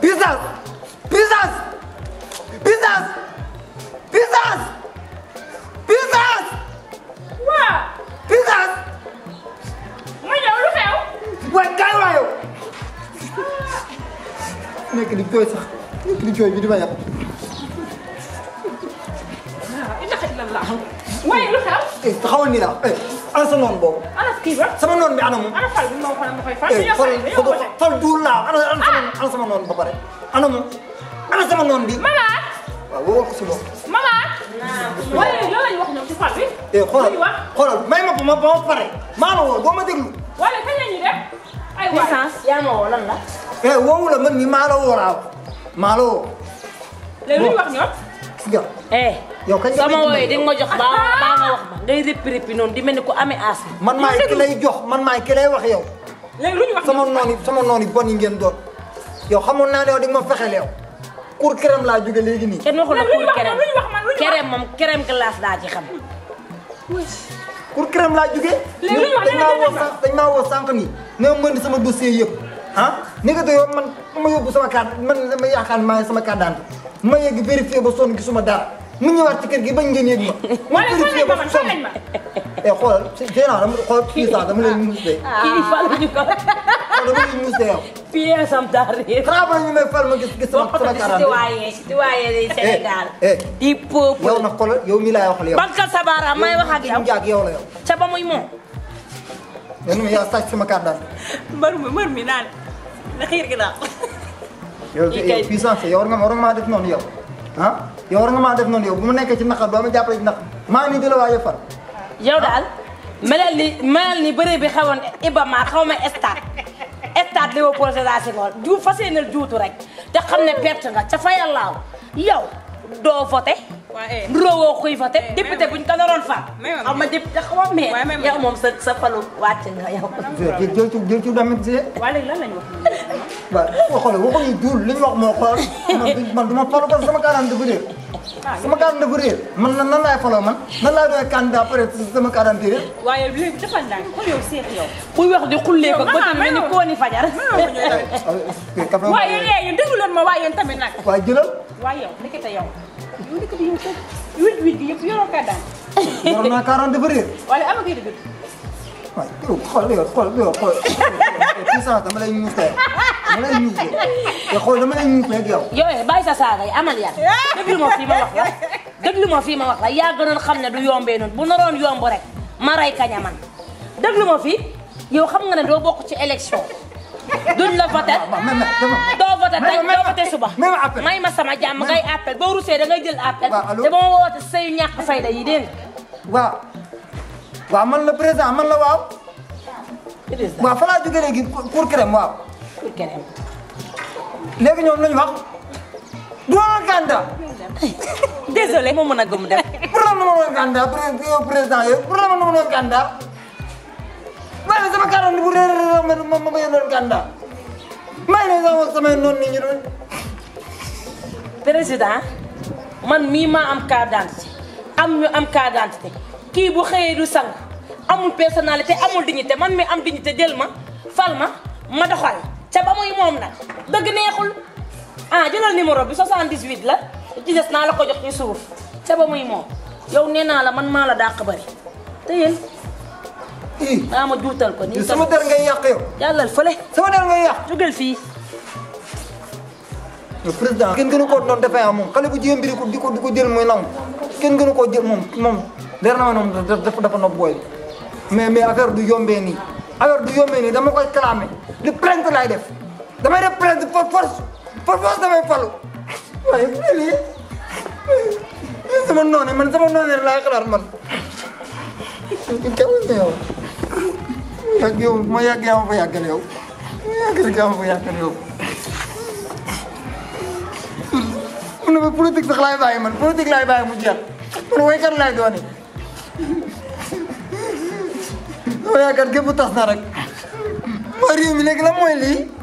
Pisas! Pisas! Pisas! Pisas! nekk di jooy sax nekk ma yàq. waaye lu xew. Eh, taxawal nii eh, ana sa noon boobu. ana kii ba. sama noon bi ana mu. ana fal ma ah! noon bi. maman. waaw woo ko si loolu. maman. waaye loolu la ñu wax ñoom ci fal bi. Eh, xoolal xoolal may ma ba ma pare. maa la woo doo ma déglu. wala kañ la puissance yaa ma woo lan la. eh woowu la man mii maa la woo laaw maa la woo. léegi lu ñu wax ñoom. yow. yow kañ sama wooyee di nga jox baa baa nga wax noonu di mel ni ku amee aas. man maay ki jox man maay ki wax yow. léegi lu ñu wax sama noonu sama noonu bon yi ngeen doon yow xamoon naa ne yow di nga ma fexeel yow. cour crème laa jóge léegi nii. kenn waxul la cour crème léegi laa ci xam. pour këram laa jugee. léegi lu wax dañ maa woo sànq ni na ma mën sama dossier yëpp ah ni nga yow man ma yóbbu sama carte man ma yaakaar maa sama carte d'identité ma yegg vérifié ba sonn gisuma dara mu ñëwaat ci kër gi bañ ngeen ma. ma vérifié ba sonn eh xoolal Géna dama xool dama leen muus de. ah kii fàlluñu ko. dama leen muus de بياس ام تاري ترابا ني ما فال ما جس جس ما قلت لك انا دي دي بوب يوم نقول يوم لا يوخ اليوم بانك صبار ما يوخك يوم جاك يوم لا يوم تبا موي مو ينم يا استاذ في مكان دار مرمي مرمي نال الاخير كده يوم في بيسانس يورنا مورنا ما دتنا اليوم ها يورنا ما دتنا اليوم بمنا كتير نخبر بمن جاب لي نخبر ما ندير له اي فر يا ولد مالني مالني بري بخون ابا ما خوما استاذ stade Léopold Sédar Senghor ju fas yéeneel juutu rek te xam ne perte nga ca fa yàllaaw yow doo voté. waaye ndurowoo kuy voté. député buñ ko naroon fal. am ma député xaw a mais yow moom sa sa falu wàcc nga yow. jë jë jë jë damit si. waaw léegi lan lañ wax. waaw xoolal waxuñu juul li ñu wax moo xool man sama carte dafa réer man nan nan laay faloo man nan laay doon candidat peut-être sama carte d'identité réer. waaye léegi dafa ndànk kon yow seet yow. kuy di xullee ko ba a ni koo ni fajar. waaye léegi dégluwoon waaye yéen waaye yow ndekete yow. yow yow ko huit huit gi yëpp yoroo carte d'identité. yor naa carte dafa réer. wala am ak yéen a yow yow xool yow xool eh, puissance dama lay ma lay xool dama lay ñuul rek yow. yooyu bàyyi sa saaga yi amal ma fii ma wax la déglu ma fii xam ne du yombee noonu bu naroon yomb rek ma rey kaña man déglu ma fi yow xam nga ne doo bokk ci élection duñ la voté. doo voté tey doo voté suba. may ma sama jàmm ngay appel boo rusee da ngay jël appel. te ba ma woote say ñàkk fayda yi dégg man la président man la waaw. président waaw fa laa jógee léegi pour crème waaw. nekkul keneen. léegi ñoom lu ñu wax. doon candidat. désolé moo mën a gëm dem. pour la ma mënoon candidat président yooyu pour la ma mënoon candidat. waaye nag sama kàddu bu réer réer ma ma ma ma yónnoon candidat. may ne sama samay noonu nit ñi doon. président man mii maa am carte d'identité am ñu am carte d'identité kii bu xëyee du sang amul personnalité amul dignité man mi am dignité jël ma fal ma ma doxal. ca ba muy moom nag dëgg neexul ah jëlal numéro bi 78 la ci des naa la ko jox ci suuf ca ba muy moom yow nee naa la man maa la dàq bari te yéen. ii daa ah, ma juutal ko. nii sama der ngay yàq yow. yàllal fële. sama der ngay yàq. jugal fii. le président kenn gënu koo doon defee moom xale bu jigéen bi di ko di ko di ko jël muy nangu kenn gënu koo jël moom moom leer na ma noonu dafa dafa nopp booy mais mais affaire du yombee nii affaire du yombee nii dama koy clamé. di plainte laay def damay def plainte par force par force damay falu waaye lii lii sama noonu man sama noonu laay xalaat man kenn ku yow yàgg yow ma yàgg yaa ma fa yàggal yow ma yàgg rek yaa ma fa yàggal yow mu ne ma politique sax laay bàyyi man politique laay bàyyi mu jeex man waykat laay doon yi sama yaakaar gépp tas na rek waa réew mi léegi la mooy lii